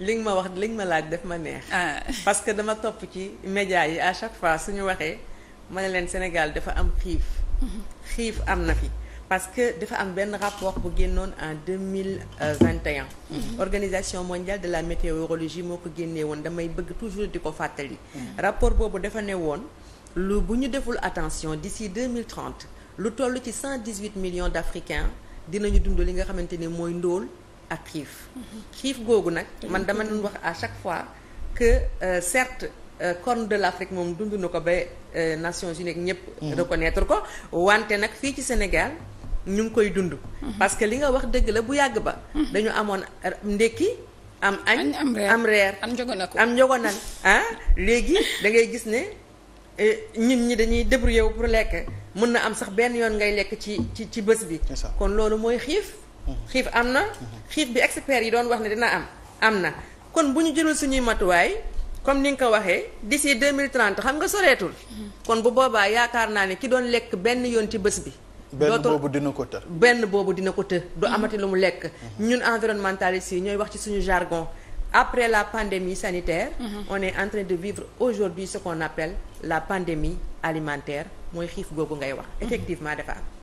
li nga ma wax li ma laaj def ma neex. Ah. parce que dama topp ci média yi à chaque fois suñu waxee ma ne leen Sénégal dafa am xiif. Mm-hmm. xiif am na fi parce que dafa am benn rapport bu génnoon en deux mille vingt et mm-hmm. organisation mondiale de la météorologie moo ko génnee woon damay bëgg toujours di ko fàttali. Mm-hmm. rapport boobu dafa ne woon lu bu ñu deful attention d'ici deux mille trente lu toll ci cent dix huit millions d'Africains dinañu dund li nga xamante ni mooy ndóol. ak xiif xiif googu nag man dama doon wax à chaque fois que euh, certes euh, Corne de l'Afrique moom dund na ko ba euh, Nations Unies ak ñëpp mhm. reconnaître ko wante nag fii ci Sénégal ñu ngi koy dund mhm. parce que li nga wax dëgg la bu yàgg ba mhm. dañu amoon euh, ndékki am añ am reer am njogonan ah léegi da ngay gis ne euh, ñun ñi dañuy débrouiller wu pour lekk mën na am sax benn yoon ngay lekk ci ci ci bés bi kon loolu mooy xiif xiif am na xiif bi experts yi doon wax ne dina am am na kon bu ñu jëlul suñuy matuwaay comme ni nga ko waxee mille 2030 xam nga soreetul kon bu boobaa yaakaar naa ne ki doon lekk benn yoon ci bës bi benn boobu dina ko të benn boobu dina ko të du amati lu mu lekk ñun environnementalistes yi ñooy wax ci suñu jargon après la pandémie sanitaire mhm. on est en train de vivre aujourd'hui ce qu'on appelle la pandémie alimentaire mooy xiif googu ngay wax mhm. effectivement dafa am